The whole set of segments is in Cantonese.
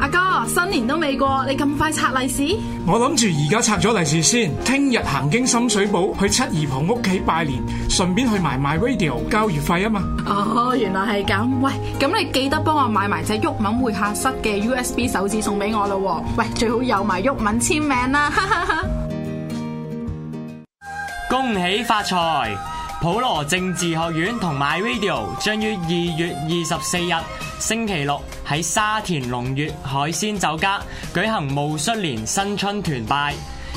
阿哥，新年都未過，你咁快拆利是？我諗住而家拆咗利是先，聽日行經深水埗去七姨婆屋企拜年，順便去埋 MyRadio 交月費啊嘛。哦，原來係咁。喂，咁你記得幫我買埋隻毓民會客室嘅 USB 手指送俾我咯喎。喂，最好有埋毓民簽名啦。哈哈哈哈，恭喜發財！普羅政治學院同埋 MyRadio 將於二月二十四日星期六喺沙田龍悅海鮮酒家舉行戊戌年新春團拜，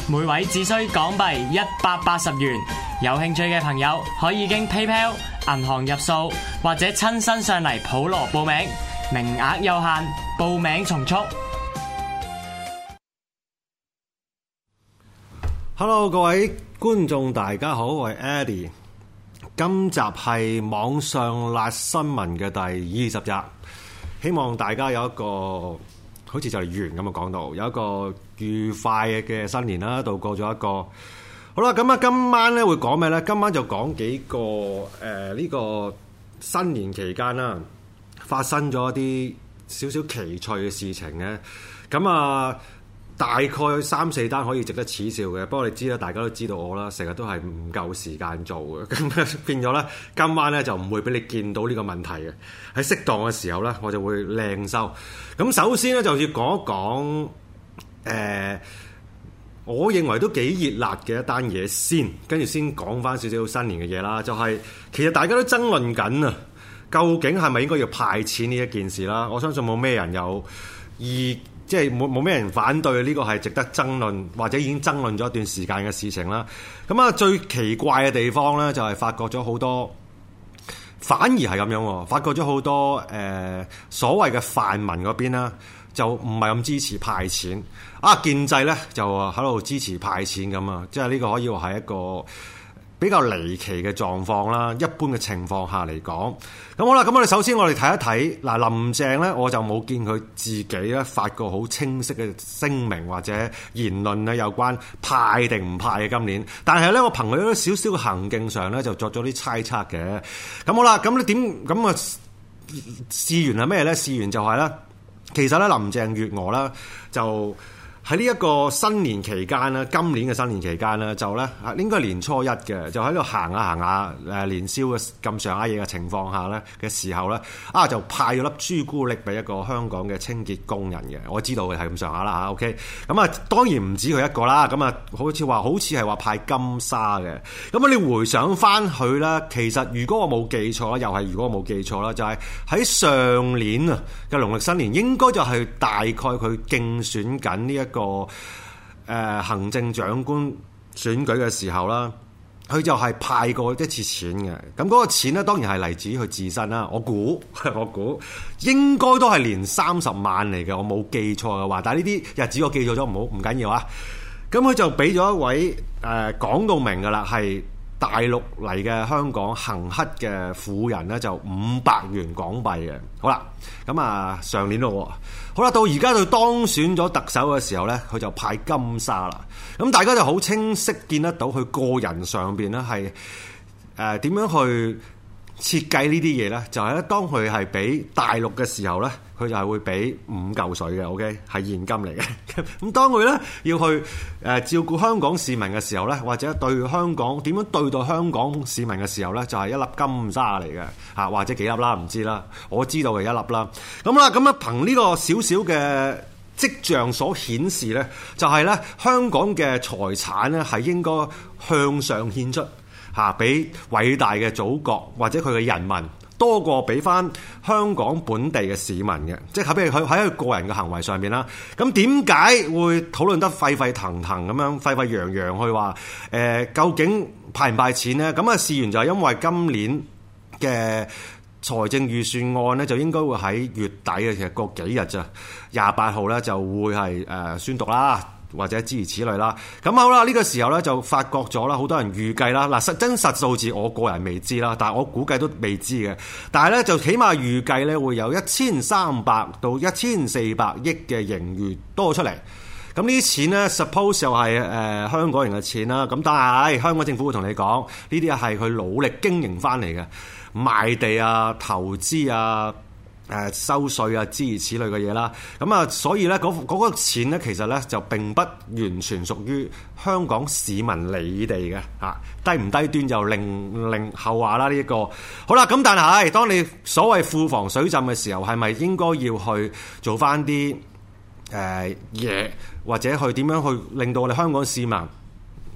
每位只需港幣一百八十元。有興趣嘅朋友可以經 PayPal 銀行入數，或者親身上嚟普羅報名，名額有限，報名從速。Hello，各位觀眾，大家好，我係 Addie。今集係網上辣新聞嘅第二十集，希望大家有一個好似就係完咁嘅講到，有一個愉快嘅嘅新年啦，度過咗一個好啦。咁啊，今晚咧，會講咩咧？今晚就講幾個誒，呢、呃這個新年期間啦，發生咗一啲少少奇趣嘅事情嘅。咁、嗯、啊。大概三四單可以值得恥笑嘅，不過你知啦，大家都知道我啦，成日都係唔夠時間做嘅，咁 變咗咧，今晚咧就唔會俾你見到呢個問題嘅。喺適當嘅時候咧，我就會靚收。咁首先咧就要講一講，誒、呃，我認為都幾熱辣嘅一單嘢先，跟住先講返少少新年嘅嘢啦。就係、是、其實大家都爭論緊啊，究竟係咪應該要派錢呢一件事啦？我相信冇咩人有意。即係冇冇咩人反對呢個係值得爭論，或者已經爭論咗一段時間嘅事情啦。咁啊，最奇怪嘅地方咧，就係、是、發覺咗好多反而係咁樣，發覺咗好多誒、呃、所謂嘅泛民嗰邊啦，就唔係咁支持派錢啊，建制咧就喺度支持派錢咁啊，即係呢個可以話係一個。比較離奇嘅狀況啦，一般嘅情況下嚟講，咁好啦，咁我哋首先我哋睇一睇嗱，林鄭咧我就冇見佢自己咧發過好清晰嘅聲明或者言論啊，有關派定唔派嘅今年，但係咧我憑佢少少嘅行徑上咧就作咗啲猜測嘅，咁好啦，咁你點？咁啊事緣係咩咧？事緣就係、是、咧，其實咧林鄭月娥咧就。喺呢一個新年期間咧，今年嘅新年期間咧，就咧嚇應該係年初一嘅，就喺度行下行下誒年宵嘅咁上下嘢嘅情況下咧嘅時候咧，啊就派咗粒朱古力俾一個香港嘅清潔工人嘅，我知道係咁上下啦嚇。OK，咁、嗯、啊當然唔止佢一個啦，咁、嗯、啊好似話好似係話派金沙嘅，咁、嗯、啊你回想翻佢咧，其實如果我冇記錯啦，又係如果我冇記錯啦，就係喺上年啊嘅農曆新年，應該就係大概佢競選緊呢一個誒、呃、行政長官選舉嘅時候啦，佢就係派過一次錢嘅，咁嗰個錢咧當然係嚟自於佢自身啦、啊。我估我估應該都係連三十萬嚟嘅，我冇記錯嘅話，但係呢啲日子我記錯咗，唔好唔緊要啊。咁佢就俾咗一位誒講、呃、到明噶啦，係。大陸嚟嘅香港行乞嘅婦人呢，就五百元港幣嘅。好啦，咁、嗯、啊上年咯、喔，好啦，到而家就當選咗特首嘅時候呢，佢就派金沙啦。咁大家就好清晰見得到佢個人上邊呢係誒點樣去，設計呢啲嘢呢，就係咧當佢係俾大陸嘅時候呢，佢就係會俾五嚿水嘅，OK，係現金嚟嘅。咁當佢呢要去誒照顧香港市民嘅時候呢，或者對香港點樣對待香港市民嘅時候呢，就係一粒金沙嚟嘅嚇，或者幾粒啦，唔知啦。我知道嘅一粒啦。咁啦，咁啊憑呢個少少嘅跡象所顯示呢，就係呢香港嘅財產呢，係應該向上獻出。嚇！俾偉大嘅祖國或者佢嘅人民多過俾翻香港本地嘅市民嘅，即係譬如佢喺佢個人嘅行為上面啦。咁點解會討論得沸沸騰騰咁樣沸沸揚揚去話誒、呃，究竟派唔派錢呢？咁啊，事緣就係因為今年嘅財政預算案咧，就應該會喺月底嘅，其實過幾日咋廿八號咧就會係誒、呃、宣讀啦。或者諸如此類啦，咁好啦，呢、這個時候呢，就發覺咗啦，好多人預計啦，嗱，真實數字我個人未知啦，但係我估計都未知嘅，但係呢，就起碼預計呢會有一千三百到一千四百億嘅盈餘多出嚟，咁呢啲錢呢 suppose 又係誒香港人嘅錢啦，咁但係、哎，香港政府會同你講呢啲係佢努力經營翻嚟嘅賣地啊、投資啊。誒，收稅啊，諸如此類嘅嘢啦，咁啊，所以呢，嗰、那、嗰個錢呢，其實呢，就並不完全屬於香港市民你哋嘅吓，低唔低端就令另後話啦。呢、這、一個好啦，咁但係，當你所謂庫房水浸嘅時候，係咪應該要去做返啲誒嘢，或者去點樣去令到我哋香港市民，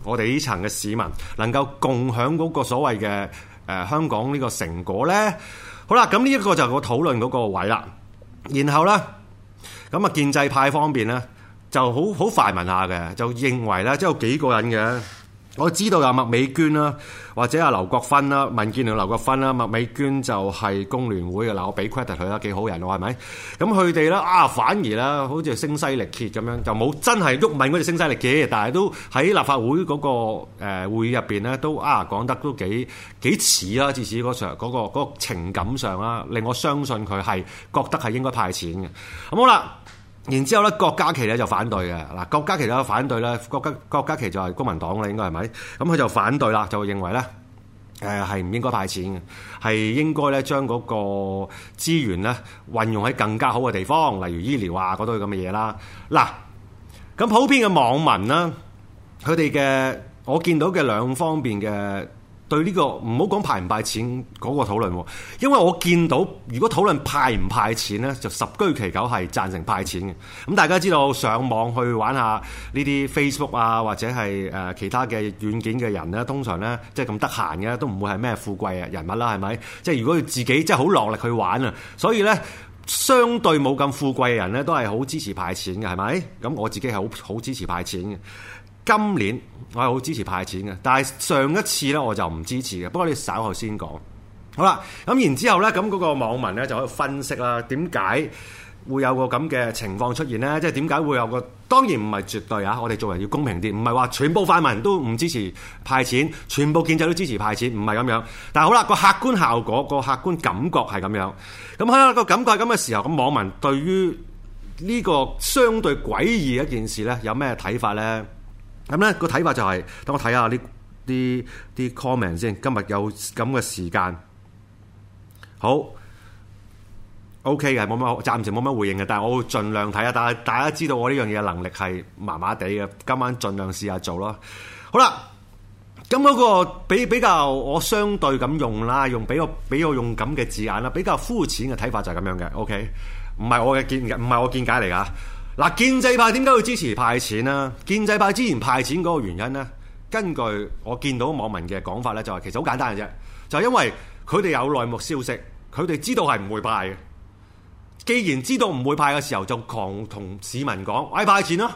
我哋呢層嘅市民能夠共享嗰個所謂嘅誒香港呢個成果呢？好啦，咁呢一個就係我討論到個位啦。然後呢，咁啊建制派方面呢，就好好曖昧下嘅，就認為呢，即係有幾個人嘅。我知道有麥美娟啦，或者阿劉國芬啦，民建聯劉國芬啦，麥美娟就係工聯會嘅嗱，我俾 credit 佢啦，幾好人喎，係咪？咁佢哋咧啊，反而咧好似聲嘶力竭咁樣，就冇真係鬱問嗰啲聲嘶力竭，但係都喺立法會嗰個誒會議入邊咧，都啊講得都幾幾似啦，至少嗰上嗰個情感上啦，令我相信佢係覺得係應該派錢嘅。咁好啦。然之後咧，郭家麒咧就反對嘅。嗱，郭家麒都反對啦。郭家郭家麒就係公民黨啦，應該係咪？咁佢就反對啦，就認為咧，誒係唔應該派錢嘅，係應該咧將嗰個資源咧運用喺更加好嘅地方，例如醫療啊嗰堆咁嘅嘢啦。嗱，咁普遍嘅網民啦，佢哋嘅我見到嘅兩方面嘅。對呢個唔好講派唔派錢嗰個討論，因為我見到如果討論派唔派錢呢，就十居其九係贊成派錢嘅。咁大家知道上網去玩下呢啲 Facebook 啊，或者係誒其他嘅軟件嘅人呢，通常呢，即係咁得閒嘅都唔會係咩富貴啊人物啦，係咪？即係如果要自己即係好落力去玩啊，所以呢，相對冇咁富貴嘅人呢，都係好支持派錢嘅，係咪？咁我自己係好好支持派錢嘅。今年我係好支持派錢嘅，但係上一次呢，我就唔支持嘅。不過你稍後先講好啦。咁然之後呢，咁嗰個網民呢，就可以分析啦，點解會有個咁嘅情況出現呢？即係點解會有個當然唔係絕對啊。我哋做人要公平啲，唔係話全部泛民都唔支持派錢，全部建制都支持派錢，唔係咁樣。但係好啦，個客觀效果，個客觀感覺係咁樣咁。喺、嗯、個感覺係咁嘅時候，咁網民對於呢個相對詭異一件事呢，有咩睇法呢？咁咧個睇法就係、是，等我睇下呢啲啲 comment 先。今日有咁嘅時間，好，OK 嘅，冇乜暫時冇乜回應嘅，但係我會盡量睇下。但係大家知道我呢樣嘢嘅能力係麻麻地嘅，今晚盡量試下做咯。好啦，咁、那、嗰個比比較我相對咁用啦，用比較比較用咁嘅字眼啦，比較膚淺嘅睇法就係咁樣嘅。OK，唔係我嘅見唔係我見解嚟㗎。嗱，建制派點解會支持派錢咧？建制派之前派錢嗰個原因咧，根據我見到網民嘅講法咧，就係其實好簡單嘅啫，就因為佢哋有內幕消息，佢哋知道係唔會派嘅。既然知道唔會派嘅時候，就狂同市民講：我派錢咯！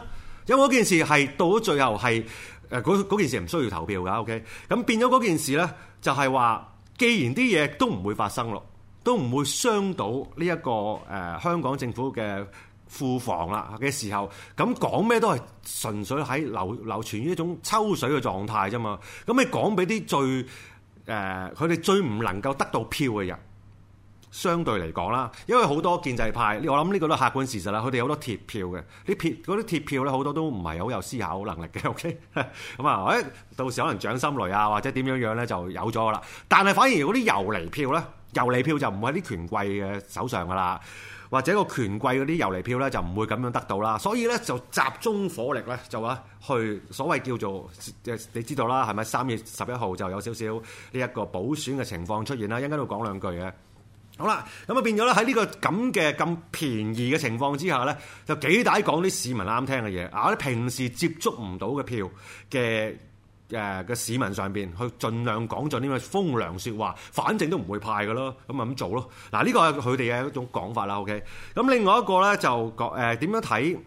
因為嗰件事係到咗最後係誒嗰件事唔需要投票㗎。OK，咁變咗嗰件事呢，就係話，既然啲嘢都唔會發生咯，都唔會傷到呢一個誒香港政府嘅。庫房啦嘅時候，咁講咩都係純粹喺流流傳於一種抽水嘅狀態啫嘛。咁你講俾啲最誒，佢哋最唔能夠得到票嘅人，相對嚟講啦，因為好多建制派，我諗呢個都客觀事實啦。佢哋好多鐵票嘅，啲鐵嗰啲鐵票咧，好多都唔係好有思考能力嘅。OK，咁啊，誒，到時可能掌心雷啊，或者點樣樣咧就有咗啦。但係反而嗰啲遊離票咧，遊離票就唔係喺啲權貴嘅手上噶啦。或者個權貴嗰啲遊離票咧就唔會咁樣得到啦，所以咧就集中火力咧就話去所謂叫做誒你知道啦，係咪三月十一號就有少少呢一個補選嘅情況出現啦？一陣間度講兩句嘅，好啦，咁啊變咗咧喺呢個咁嘅咁便宜嘅情況之下咧，就幾大講啲市民啱聽嘅嘢啊！我哋平時接觸唔到嘅票嘅。誒嘅市民上邊去盡量講盡呢個風涼説話，反正都唔會派嘅咯，咁咪咁做咯。嗱，呢個係佢哋嘅一種講法啦。OK。咁另外一個咧就講誒點樣睇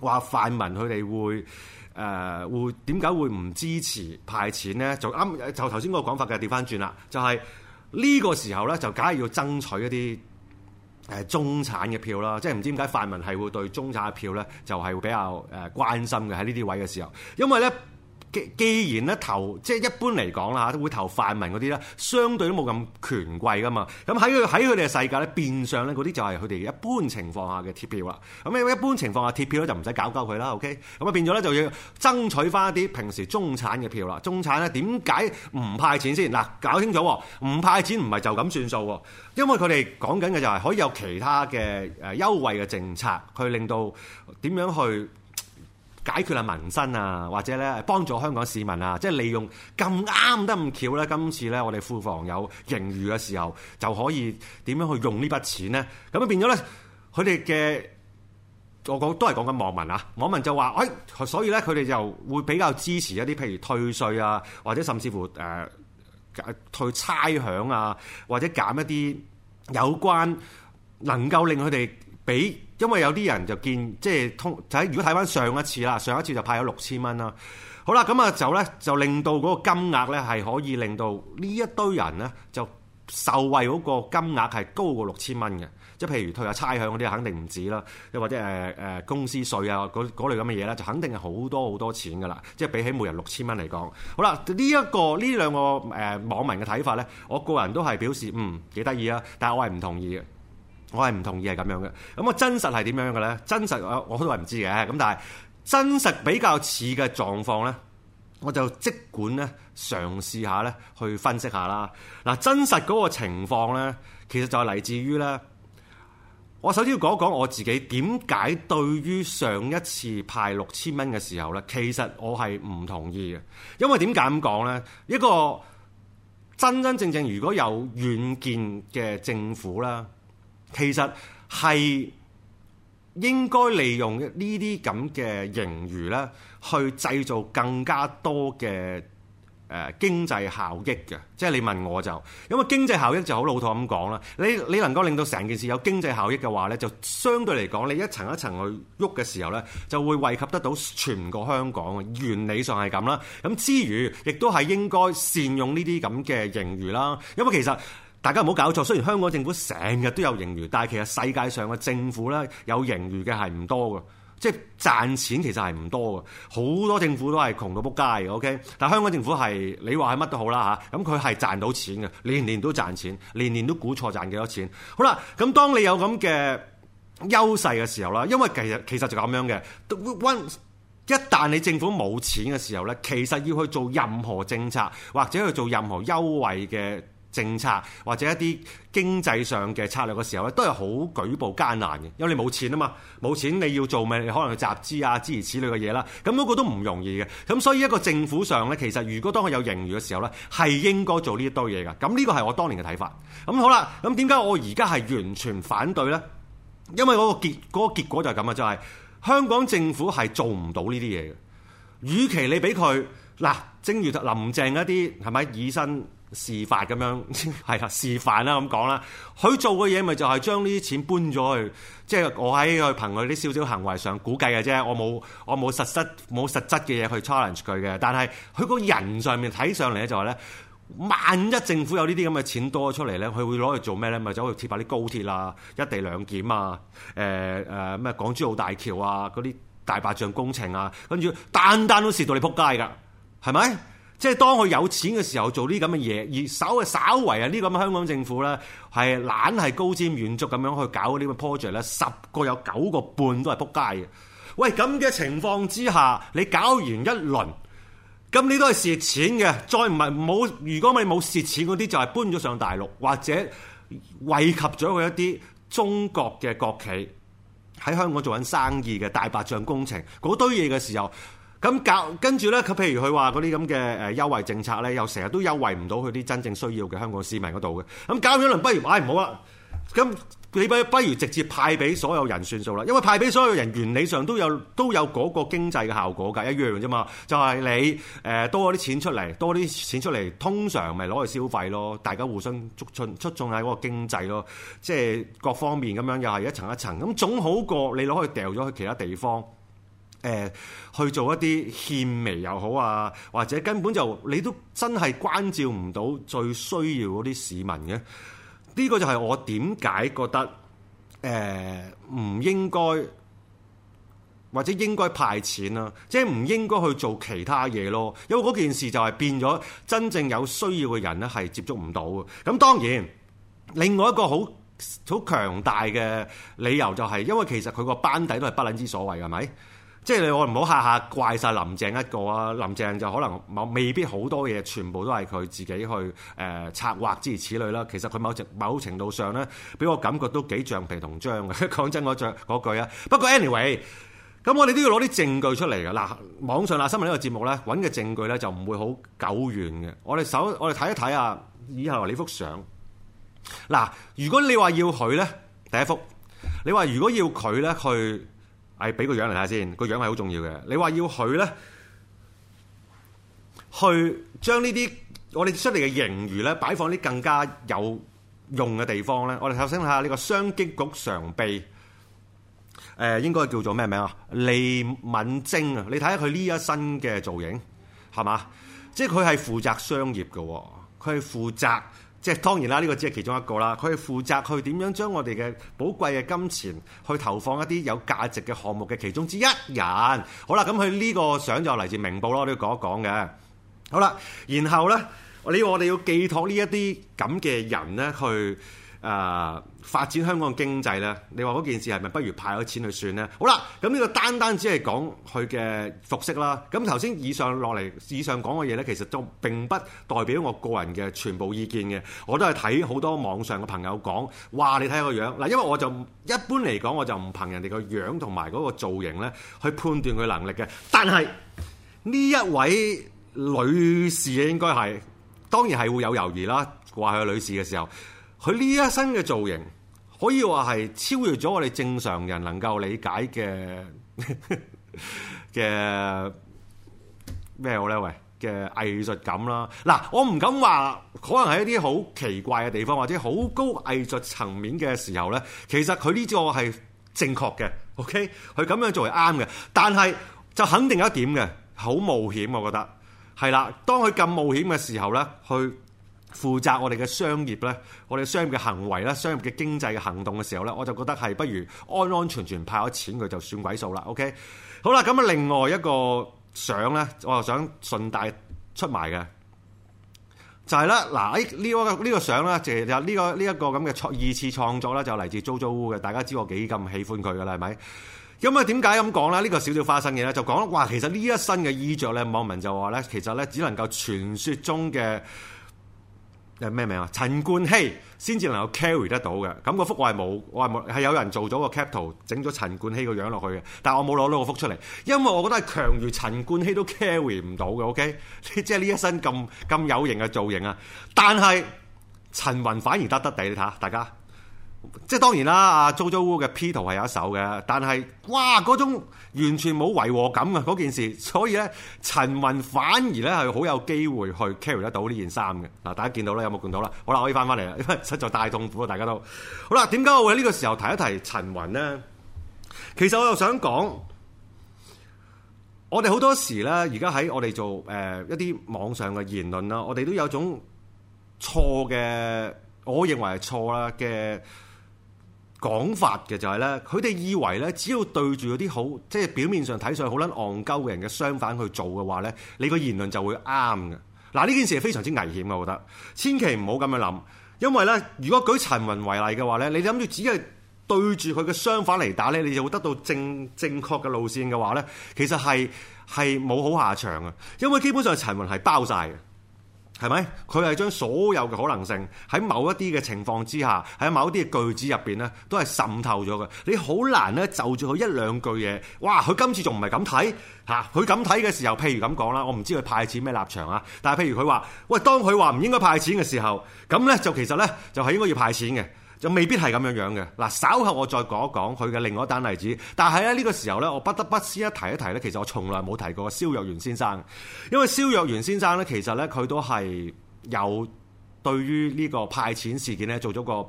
話泛民佢哋會誒、呃、會點解會唔支持派錢咧？就啱就頭先嗰個講法嘅調翻轉啦。就係呢個，就是，個時候咧，就梗係要爭取一啲誒中產嘅票啦，即係唔知點解泛民係會對中產嘅票咧，就係會比較誒關心嘅喺呢啲位嘅時候，因為咧。既然咧投，即係一般嚟講啦嚇，都會投泛民嗰啲咧，相對都冇咁權貴噶嘛。咁喺佢喺佢哋嘅世界咧，變相咧嗰啲就係佢哋一般情況下嘅鐵票啦。咁咧一般情況下鐵票咧就唔使搞鳩佢啦。OK，咁啊變咗咧就要爭取翻一啲平時中產嘅票啦。中產咧點解唔派錢先嗱、啊？搞清楚，唔派錢唔係就咁算數，因為佢哋講緊嘅就係可以有其他嘅誒優惠嘅政策去令到點樣去，解決下民生啊，或者咧幫助香港市民啊，即係利用咁啱得咁巧咧。今次咧，我哋庫房有盈餘嘅時候，就可以點樣去用呢筆錢咧？咁變咗咧，佢哋嘅我講都係講緊網民啊。網民就話：，哎，所以咧，佢哋就會比較支持一啲譬如退稅啊，或者甚至乎誒、呃、退差餉啊，或者減一啲有關能夠令佢哋。俾，因為有啲人就見，即係通睇，如果睇翻上一次啦，上一次就派咗六千蚊啦。好啦，咁啊就咧就令到嗰個金額咧係可以令到呢一堆人咧就受惠嗰個金額係高過六千蚊嘅，即係譬如退下差餉嗰啲肯定唔止啦，又或者誒誒、呃、公司稅啊嗰類咁嘅嘢咧，就肯定係好多好多錢噶啦。即係比起每人六千蚊嚟講，好啦，呢、這、一個呢兩個誒、呃、網民嘅睇法咧，我個人都係表示嗯幾得意啊，但係我係唔同意嘅。我係唔同意係咁樣嘅，咁我真實係點樣嘅咧？真實我我都係唔知嘅，咁但係真實比較似嘅狀況咧，我就即管咧嘗試下咧去分析下啦。嗱，真實嗰個情況咧，其實就係嚟自於咧，我首先要講一講我自己點解對於上一次派六千蚊嘅時候咧，其實我係唔同意嘅，因為點解咁講咧？一個真真正正如果有遠見嘅政府啦。其實係應該利用呢啲咁嘅盈餘咧，去製造更加多嘅誒經濟效益嘅。即係你問我就，因為經濟效益就好老土咁講啦。你你能夠令到成件事有經濟效益嘅話咧，就相對嚟講，你一層一層去喐嘅時候咧，就會惠及得到全個香港。原理上係咁啦。咁之餘，亦都係應該善用呢啲咁嘅盈餘啦。因為其實。大家唔好搞錯，雖然香港政府成日都有盈餘，但係其實世界上嘅政府咧，有盈餘嘅係唔多嘅，即係賺錢其實係唔多嘅，好多政府都係窮到仆街嘅。OK，但香港政府係你話係乜都好啦吓，咁佢係賺到錢嘅，年年都賺錢，年年都估錯賺幾多錢。好啦，咁當你有咁嘅優勢嘅時候啦，因為其實其實就咁樣嘅，一旦你政府冇錢嘅時候咧，其實要去做任何政策或者去做任何優惠嘅。政策或者一啲經濟上嘅策略嘅時候咧，都係好舉步艱難嘅，因為你冇錢啊嘛，冇錢你要做咩？你可能去集資啊，諸如此類嘅嘢啦，咁嗰個都唔容易嘅。咁所以一個政府上咧，其實如果當佢有盈餘嘅時候咧，係應該做呢一堆嘢嘅。咁呢個係我當年嘅睇法。咁好啦，咁點解我而家係完全反對咧？因為嗰個結嗰個結果就係咁啊，就係香港政府係做唔到呢啲嘢嘅。與其你俾佢嗱，正如林鄭一啲係咪以身示範咁樣係啦，示範啦咁講啦，佢、啊、做嘅嘢咪就係將呢啲錢搬咗去，即、就、係、是、我喺佢憑佢啲少少行為上估計嘅啫，我冇我冇實質冇實質嘅嘢去 challenge 佢嘅。但係佢個人上面睇上嚟咧就話、是、咧，萬一政府有呢啲咁嘅錢多咗出嚟咧，佢會攞去做咩咧？咪走去貼下啲高鐵啊、一地兩檢啊、誒誒咩港珠澳大橋啊、嗰啲大白象工程啊，跟住單單都蝕到你仆街㗎，係咪？即係當佢有錢嘅時候做啲咁嘅嘢，而稍係稍為啊呢個咁香港政府呢係懶係高瞻遠矚咁樣去搞呢個 project，呢十個有九個半都係扑街嘅。喂，咁嘅情況之下，你搞完一輪，咁你都係蝕錢嘅。再唔係冇，如果咪冇蝕錢嗰啲就係搬咗上大陸，或者惠及咗佢一啲中國嘅國企喺香港做緊生意嘅大白象工程嗰堆嘢嘅時候。咁搞跟住咧，佢譬如佢話嗰啲咁嘅誒優惠政策咧，又成日都優惠唔到佢啲真正需要嘅香港市民嗰度嘅。咁搞咗輪，不如唉唔好啦。咁你不不如直接派俾所有人算數啦。因為派俾所有人，原理上都有都有嗰個經濟嘅效果㗎，一樣啫嘛。就係、是、你誒多啲錢出嚟，多啲錢出嚟，通常咪攞去消費咯。大家互相促進促進喺嗰個經濟咯，即、就、係、是、各方面咁樣又係一層一層。咁總好過你攞去掉咗去其他地方。誒去做一啲獻媚又好啊，或者根本就你都真係關照唔到最需要嗰啲市民嘅，呢、這個就係我點解覺得誒唔、呃、應該或者應該派錢啊，即係唔應該去做其他嘢咯，因為嗰件事就係變咗真正有需要嘅人咧係接觸唔到嘅。咁、嗯、當然，另外一個好好強大嘅理由就係、是、因為其實佢個班底都係不撚之所謂嘅，係咪？即係我唔好下下怪晒林鄭一個啊！林鄭就可能某未必好多嘢，全部都係佢自己去誒策劃之如此類啦。其實佢某程某程度上呢，俾我感覺都幾橡皮同章嘅。講 真嗰橡句啊。不過 anyway，咁我哋都要攞啲證據出嚟嘅。嗱，網上辣新聞呢個節目呢，揾嘅證據呢就唔會好久遠嘅。我哋手我哋睇一睇啊，以下呢幅相。嗱，如果你話要佢呢，第一幅，你話如果要佢呢，去。係俾個樣嚟睇下先，個樣係好重要嘅。你話要佢咧，去將呢啲我哋出嚟嘅盈餘咧，擺放啲更加有用嘅地方咧。我哋首先睇下呢個商經局常秘，誒、呃，應該叫做咩名啊？利敏貞啊，你睇下佢呢一身嘅造型係嘛，即係佢係負責商業嘅，佢係負責。即係當然啦，呢個只係其中一個啦。佢係負責去點樣將我哋嘅寶貴嘅金錢去投放一啲有價值嘅項目嘅其中之一人。好啦，咁佢呢個相就嚟自明報咯，都要講一講嘅。好啦，然後呢，你我哋要寄託呢一啲咁嘅人呢去。誒、呃、發展香港嘅經濟咧，你話嗰件事係咪不，不如派咗錢去算呢？好啦，咁呢個單單只係講佢嘅服飾啦。咁頭先以上落嚟以上講嘅嘢呢，其實都並不代表我個人嘅全部意見嘅。我都係睇好多網上嘅朋友講，哇！你睇下個樣嗱，因為我就一般嚟講，我就唔憑人哋個樣同埋嗰個造型呢去判斷佢能力嘅。但係呢一位女士應該係當然係會有猶豫啦，話佢女士嘅時候。佢呢一身嘅造型，可以話係超越咗我哋正常人能夠理解嘅嘅咩好咧？喂，嘅藝術感啦。嗱，我唔敢話，可能喺一啲好奇怪嘅地方，或者好高藝術層面嘅時候咧，其實佢呢個係正確嘅。OK，佢咁樣做係啱嘅，但係就肯定有一點嘅好冒險。我覺得係啦，當佢咁冒險嘅時候咧，去負責我哋嘅商業呢我哋商業嘅行為呢，商業嘅經濟嘅行動嘅時候呢，我就覺得係不如安安全全派咗錢佢就算鬼數啦。OK，好啦，咁啊，另外一個相呢，我就想順帶出埋嘅就係咧，嗱喺呢個呢、呢個相呢，其實呢、呢個呢一、呢個咁嘅、呢個、二次創作呢，就嚟自 Zozo 嘅，大家知我幾咁喜歡佢噶啦，係咪咁啊？點解咁講呢？呢、呢個少少花生嘢呢，就講話其實呢一身嘅衣着呢，網民就話呢，其實呢，只能夠傳說中嘅。咩名啊？陳冠希先至能夠 carry 得到嘅。咁嗰幅我係冇，我係冇，係有人做咗個 cap 圖，整咗陳冠希個樣落去嘅，但我冇攞到個幅出嚟，因為我覺得係強如陳冠希都 carry 唔到嘅，OK？你即係呢一身咁咁有型嘅造型啊，但係陳雲反而得得地，你睇下大家。即係當然啦，阿 JoJo 嘅 P 圖係有一手嘅，但係哇嗰種完全冇違和感嘅嗰件事，所以咧陳雲反而咧係好有機會去 carry 得到呢件衫嘅嗱，大家見到啦，有冇見到啦？好啦，我可以翻翻嚟啦，因為實在太痛苦啦，大家都好啦。點解我會喺呢個時候提一提陳雲咧？其實我又想講，我哋好多時咧，而家喺我哋做誒一啲網上嘅言論啦，我哋都有種錯嘅，我認為係錯啦嘅。講法嘅就係、是、咧，佢哋以為咧，只要對住嗰啲好即係表面上睇上好撚戇鳩嘅人嘅相反去做嘅話咧，你個言論就會啱嘅嗱。呢件事係非常之危險嘅，我覺得千祈唔好咁樣諗，因為咧，如果舉陳雲為例嘅話咧，你諗住只係對住佢嘅相反嚟打咧，你就會得到正正確嘅路線嘅話咧，其實係係冇好下場啊，因為基本上陳雲係包晒嘅。係咪？佢係將所有嘅可能性喺某一啲嘅情況之下，喺某一啲嘅句子入邊咧，都係滲透咗嘅。你好難咧，就住佢一兩句嘢。哇！佢今次仲唔係咁睇吓，佢咁睇嘅時候，譬如咁講啦，我唔知佢派錢咩立場啊。但係譬如佢話喂，當佢話唔應該派錢嘅時候，咁咧就其實咧就係、是、應該要派錢嘅。就未必係咁樣樣嘅，嗱，稍後我再講一講佢嘅另外一單例子，但係咧呢個時候呢，我不得不先一提一提呢，其實我從來冇提過蕭若元先生，因為蕭若元先生呢，其實呢，佢都係有對於呢個派錢事件呢做咗個。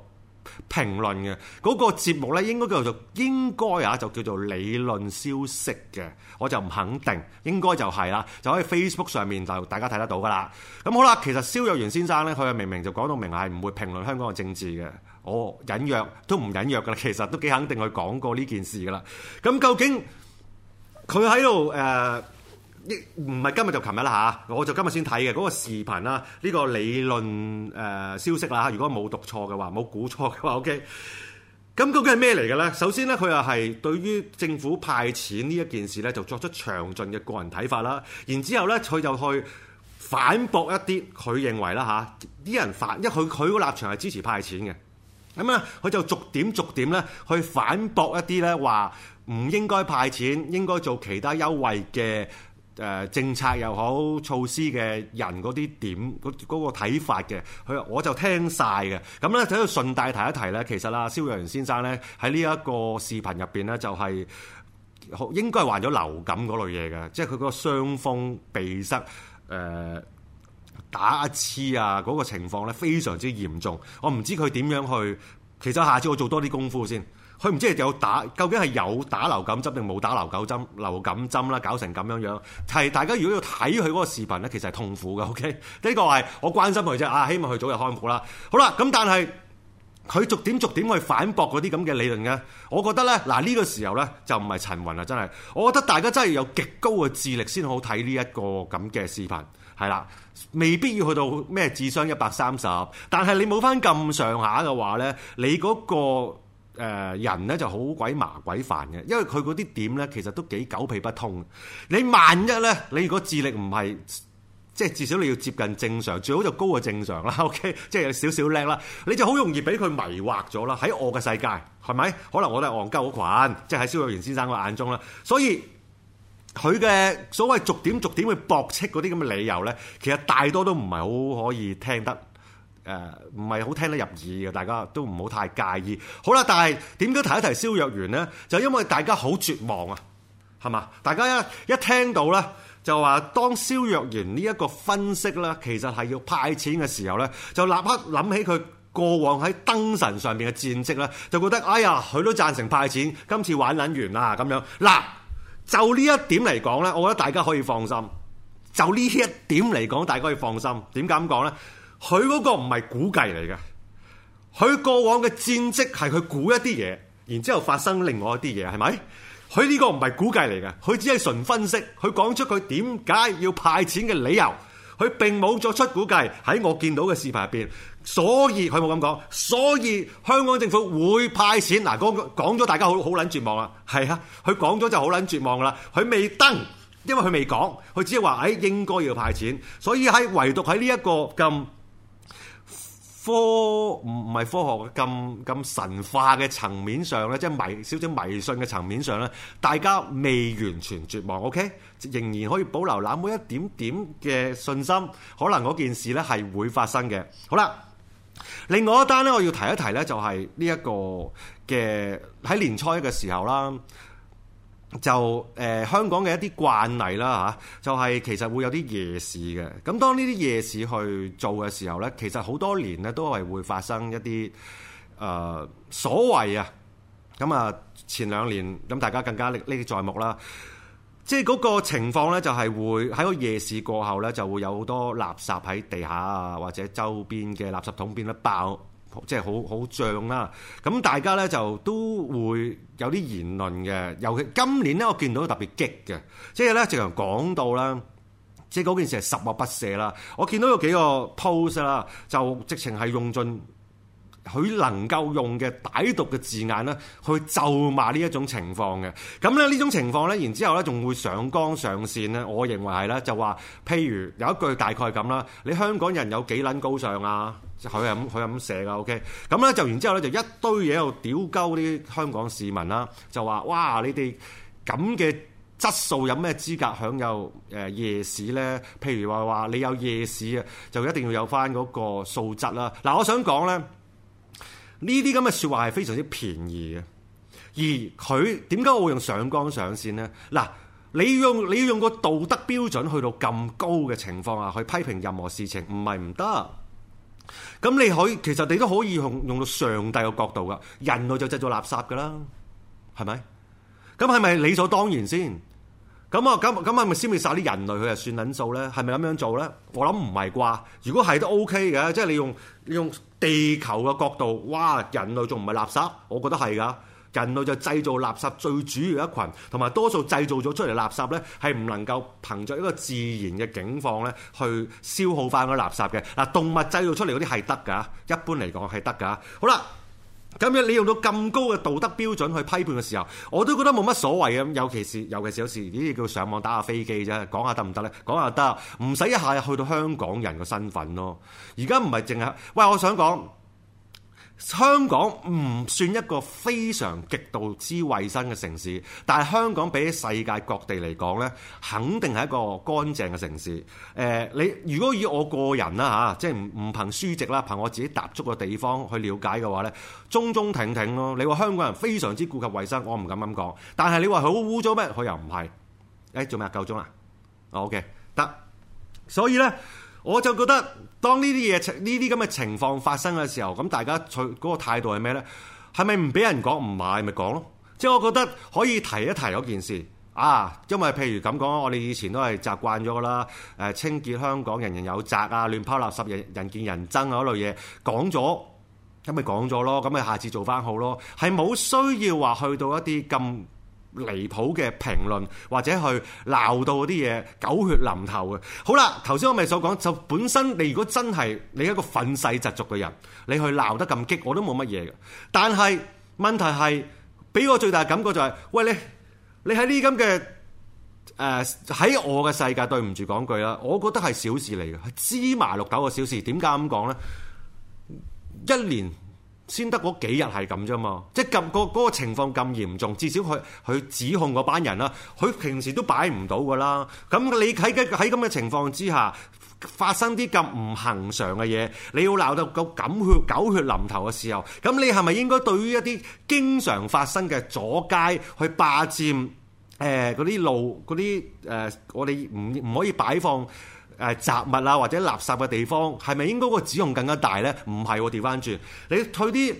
評論嘅嗰個節目呢，應該叫做應該啊，就叫做理論消息嘅，我就唔肯定，應該就係啦，就喺 Facebook 上面就大家睇得到噶啦。咁好啦，其實蕭若元先生呢，佢明明就講到明係唔會評論香港嘅政治嘅，我隱約都唔隱約噶啦，其實都幾肯定佢講過呢件事噶啦。咁究竟佢喺度誒？呃唔係今日就琴日啦嚇，我就今日先睇嘅嗰個視頻啦，呢、這個理論誒、呃、消息啦。如果冇讀錯嘅話，冇估錯嘅話，OK。咁究竟係咩嚟嘅呢？首先呢，佢又係對於政府派錢呢一件事呢，就作出詳盡嘅個人睇法啦。然之後呢，佢就去反駁一啲佢認為啦嚇，啲人反，因為佢佢個立場係支持派錢嘅。咁啊，佢就逐點逐點呢，去反駁一啲呢，話唔應該派錢，應該做其他優惠嘅。誒政策又好措施嘅人嗰啲點嗰嗰個睇法嘅，佢我就聽晒嘅。咁咧就喺度順帶提一提咧，其實啦，蕭若元先生咧喺呢一個視頻入邊咧，就係應該係患咗流感嗰類嘢嘅，即係佢個傷風鼻塞、誒、呃、打乞嗤啊嗰、嗰個情況咧非常之嚴重。我唔知佢點樣去，其實下次我做多啲功夫先。佢唔知有打，究竟係有打流感針定冇打流感針？流感針啦，搞成咁樣樣，係大家如果要睇佢嗰個視頻咧，其實係痛苦嘅。OK，呢個係我關心佢啫。啊，希望佢早日康復啦。好啦，咁但係佢逐點逐點去反駁嗰啲咁嘅理論嘅，我覺得咧，嗱呢個時候咧就唔係陳雲啦，真係。我覺得大家真係有極高嘅智力先好睇呢一個咁嘅視頻，係啦，未必要去到咩智商一百三十，但係你冇翻咁上下嘅話咧，你嗰個。誒、呃、人咧就好鬼麻鬼煩嘅，因為佢嗰啲點咧其實都幾狗屁不通。你萬一咧，你如果智力唔係，即係至少你要接近正常，最好就高過正常啦。OK，即係有少少叻啦，你就好容易俾佢迷惑咗啦。喺我嘅世界係咪？可能我都係憨鳩嗰羣，即係喺肖友元先生嘅眼中啦。所以佢嘅所謂逐點逐點去駁斥嗰啲咁嘅理由咧，其實大多都唔係好可以聽得。誒唔係好聽得入耳嘅，大家都唔好太介意。好啦，但係點解提一提蕭若元呢，就因為大家好絕望啊，係嘛？大家一一聽到呢，就話當蕭若元呢一個分析呢，其實係要派錢嘅時候呢，就立刻諗起佢過往喺燈神上面嘅戰績呢，就覺得哎呀，佢都贊成派錢，今次玩捻完啦咁樣。嗱，就呢一點嚟講呢，我覺得大家可以放心。就呢一點嚟講，大家可以放心。點解咁講呢？佢嗰個唔係估計嚟嘅，佢過往嘅戰績係佢估一啲嘢，然之後發生另外一啲嘢，係咪？佢呢個唔係估計嚟嘅，佢只係純分析，佢講出佢點解要派錢嘅理由，佢並冇作出估計喺我見到嘅視頻入邊，所以佢冇咁講，所以香港政府會派錢。嗱，講講咗，大家好好捻絕望啦，係啊，佢講咗就好捻絕望噶啦，佢未登，因為佢未講，佢只係話誒應該要派錢，所以喺唯獨喺呢一個咁。科唔唔係科學咁咁神化嘅層面上咧，即係迷少少迷信嘅層面上咧，大家未完全絕望，OK，仍然可以保留那麼一點點嘅信心，可能嗰件事咧係會發生嘅。好啦，另外一單咧，我要提一提咧，就係呢一個嘅喺年初一嘅時候啦。就誒、呃、香港嘅一啲慣例啦嚇、啊，就係、是、其實會有啲夜市嘅。咁當呢啲夜市去做嘅時候呢，其實好多年呢都係會發生一啲誒、呃、所謂啊。咁啊，前兩年咁大家更加歷歷在目啦。即係嗰個情況呢，就係會喺個夜市過後呢，就會有好多垃圾喺地下啊，或者周邊嘅垃圾桶變得爆。即係好好漲啦，咁大家咧就都會有啲言論嘅，尤其今年咧我見到特別激嘅，即係咧直頭講到啦，即係嗰件事係十惡不赦啦。我見到有幾個 post 啦，就直情係用盡，佢能夠用嘅歹毒嘅字眼咧，去咒罵呢一種情況嘅。咁咧呢種情況咧，然之後咧仲會上綱上線咧。我認為係啦，就話譬如有一句大概咁啦，你香港人有幾撚高尚啊？即係佢係咁，佢係咁寫噶。OK，咁咧就完之後咧就一堆嘢喺度屌鳩啲香港市民啦，就話哇你哋咁嘅質素有咩資格享有誒夜市咧？譬如話話你有夜市啊，就一定要有翻嗰個素質啦。嗱，我想講咧。呢啲咁嘅説話係非常之便宜嘅，而佢點解我會用上綱上線呢？嗱，你要用你要用個道德標準去到咁高嘅情況下，去批評任何事情唔係唔得。咁你可以其實你都可以用用到上帝嘅角度噶，人類就製造垃圾噶啦，係咪？咁係咪理所當然先？咁啊，咁咁啊，係咪消滅晒啲人類，佢係算撚數咧？係咪咁樣做咧？我諗唔係啩？如果係都 OK 嘅，即係你用你用地球嘅角度，哇！人類仲唔係垃圾？我覺得係噶，人類就製造垃圾最主要一群，同埋多數製造咗出嚟垃圾咧，係唔能夠憑着一個自然嘅境況咧，去消耗翻個垃圾嘅。嗱，動物製造出嚟嗰啲係得噶，一般嚟講係得噶。好啦。咁樣你用到咁高嘅道德標準去批判嘅時候，我都覺得冇乜所謂。尤其是尤其是有時啲叫上網打下飛機啫，講下得唔得咧？講下得，唔使一下去到香港人嘅身份咯。而家唔係淨係，喂，我想講。香港唔算一個非常極度之衞生嘅城市，但係香港比起世界各地嚟講呢，肯定係一個乾淨嘅城市。誒、呃，你如果以我個人啦嚇、啊，即係唔唔憑書籍啦，憑我自己踏足嘅地方去了解嘅話呢，中中挺挺咯。你話香港人非常之顧及衞生，我唔敢咁講。但係你話佢好污糟咩？佢又唔係。誒、欸，做咩啊？夠鐘啦。OK，得。所以呢。我就覺得，當呢啲嘢呢啲咁嘅情況發生嘅時候，咁大家取嗰個態度係咩呢？係咪唔俾人講唔買咪講咯？即係、就是就是、我覺得可以提一提嗰件事啊，因為譬如咁講，我哋以前都係習慣咗㗎啦，誒清潔香港，人人有責啊，亂拋垃圾，人人見人憎啊，嗰類嘢講咗，咁咪講咗咯，咁咪下次做翻好咯，係冇需要話去到一啲咁。離譜嘅評論或者去鬧到嗰啲嘢，狗血淋頭嘅，好啦，頭先我咪所講，就本身你如果真係你係一個憤世疾俗嘅人，你去鬧得咁激，我都冇乜嘢嘅。但係問題係，俾我最大嘅感覺就係、是，喂你你喺呢咁嘅，誒、呃、喺我嘅世界，對唔住講句啦，我覺得係小事嚟嘅，芝麻綠豆嘅小事。點解咁講呢？一年。先得嗰幾日係咁啫嘛，即係咁嗰嗰個情況咁嚴重，至少佢佢指控嗰班人啦，佢平時都擺唔到噶啦。咁你喺嘅喺咁嘅情況之下，發生啲咁唔恆常嘅嘢，你要鬧到到狗血狗血淋頭嘅時候，咁你係咪應該對於一啲經常發生嘅阻街去霸占誒嗰啲路嗰啲誒，我哋唔唔可以擺放？誒雜物啊，或者垃圾嘅地方，係咪應該個指控更加大咧？唔係、啊，調翻轉，你退啲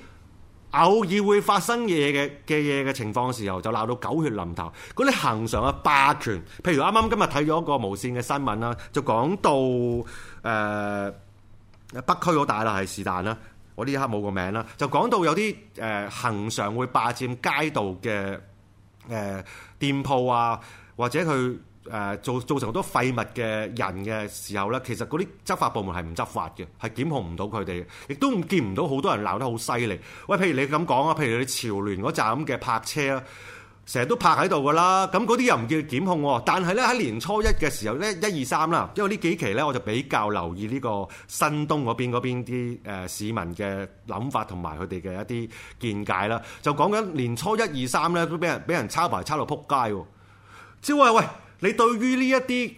偶爾會發生嘢嘅嘅嘢嘅情況嘅時候，就鬧到狗血淋頭。嗰啲恆常嘅霸權，譬如啱啱今日睇咗一個無線嘅新聞啦，就講到誒、呃、北區好大啦，係是但啦，我呢一刻冇個名啦，就講到有啲誒、呃、恆常會霸佔街道嘅誒、呃、店鋪啊，或者佢。誒做造成好多廢物嘅人嘅時候咧，其實嗰啲執法部門係唔執法嘅，係檢控唔到佢哋嘅，亦都見唔到好多人鬧得好犀利。喂，譬如你咁講啊，譬如你潮聯嗰站嘅泊車啊，成日都泊喺度噶啦，咁嗰啲又唔叫檢控喎。但係咧，喺年初一嘅時候咧，一二三啦，因為呢幾期咧，我就比較留意呢個新東嗰邊嗰啲誒市民嘅諗法同埋佢哋嘅一啲見解啦，就講緊年初一二三咧都俾人俾人抄牌抄到撲街喎！朝、欸、喂！喂你對於呢一啲，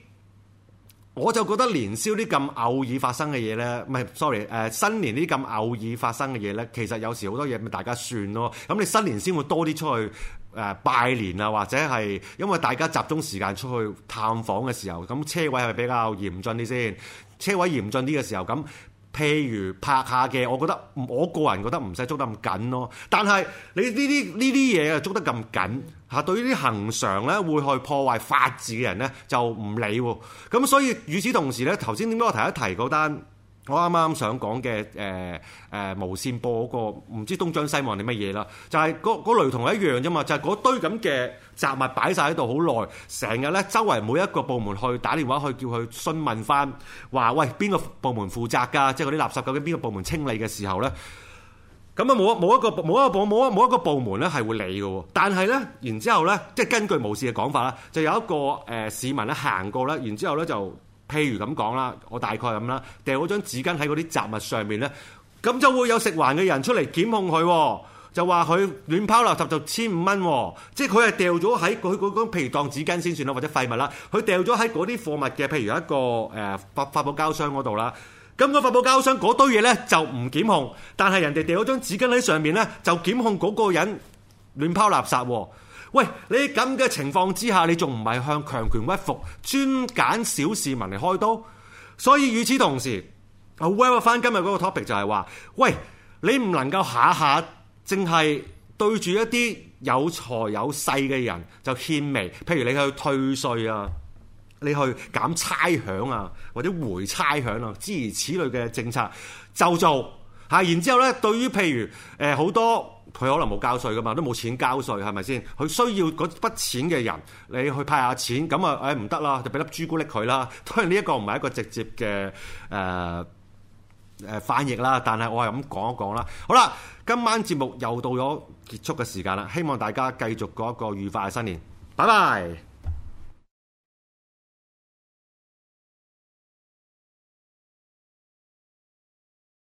我就覺得年宵啲咁偶爾發生嘅嘢呢，唔係，Sorry，誒新年啲咁偶爾發生嘅嘢呢，其實有時好多嘢咪大家算咯。咁你新年先會多啲出去誒拜年啊，或者係因為大家集中時間出去探訪嘅時候，咁車位係咪比較嚴峻啲先？車位嚴峻啲嘅時候咁。譬如拍下嘅，我覺得我個人覺得唔使捉得咁緊咯。但係你呢啲呢啲嘢啊，捉得咁緊吓，對於啲恆常咧會去破壞法治嘅人咧，就唔理喎。咁所以與此同時咧，頭先點解我提一提嗰單？我啱啱想講嘅，誒誒無線播嗰個唔知東張西望定乜嘢啦，就係嗰嗰雷同係一樣啫嘛，就係嗰堆咁嘅雜物擺晒喺度好耐，成日咧周圍每一個部門去打電話去叫佢詢問翻，話喂，邊個部門負責㗎？即係嗰啲垃圾究竟邊個部門清理嘅時候咧？咁啊冇冇一個冇一個部冇冇一個部門咧係會理㗎喎，但係咧，然之後咧，即係根據無線嘅講法啦，就有一個誒市民咧行過咧，然之後咧就。譬如咁講啦，我大概咁啦，掉咗張紙巾喺嗰啲雜物上面咧，咁就會有食環嘅人出嚟檢控佢，就話佢亂拋垃圾就千五蚊，即係佢係掉咗喺佢嗰種譬如當紙巾先算啦，或者廢物啦，佢掉咗喺嗰啲貨物嘅譬如一個誒發發泡膠箱嗰度啦，咁、呃嗰個發泡膠箱嗰堆嘢咧就唔檢控，但係人哋掉咗張紙巾喺上面咧就檢控嗰個人亂拋垃圾。喂，你咁嘅情況之下，你仲唔係向強權屈服，專揀小市民嚟開刀？所以與此同時，我回翻今日嗰個 topic 就係話，喂，你唔能夠下下淨係對住一啲有財有勢嘅人就獻媚，譬如你去退稅啊，你去減差餉啊，或者回差餉啊，諸如此類嘅政策就做嚇。然之後咧，對於譬如誒好多。佢可能冇交稅噶嘛，都冇錢交稅，係咪先？佢需要嗰筆錢嘅人，你去派下錢咁啊？誒唔得啦，就俾粒朱古力佢啦。當然呢一個唔係一個直接嘅誒誒翻譯啦，但係我係咁講一講啦。好啦，今晚節目又到咗結束嘅時間啦，希望大家繼續過一個愉快嘅新年。拜拜。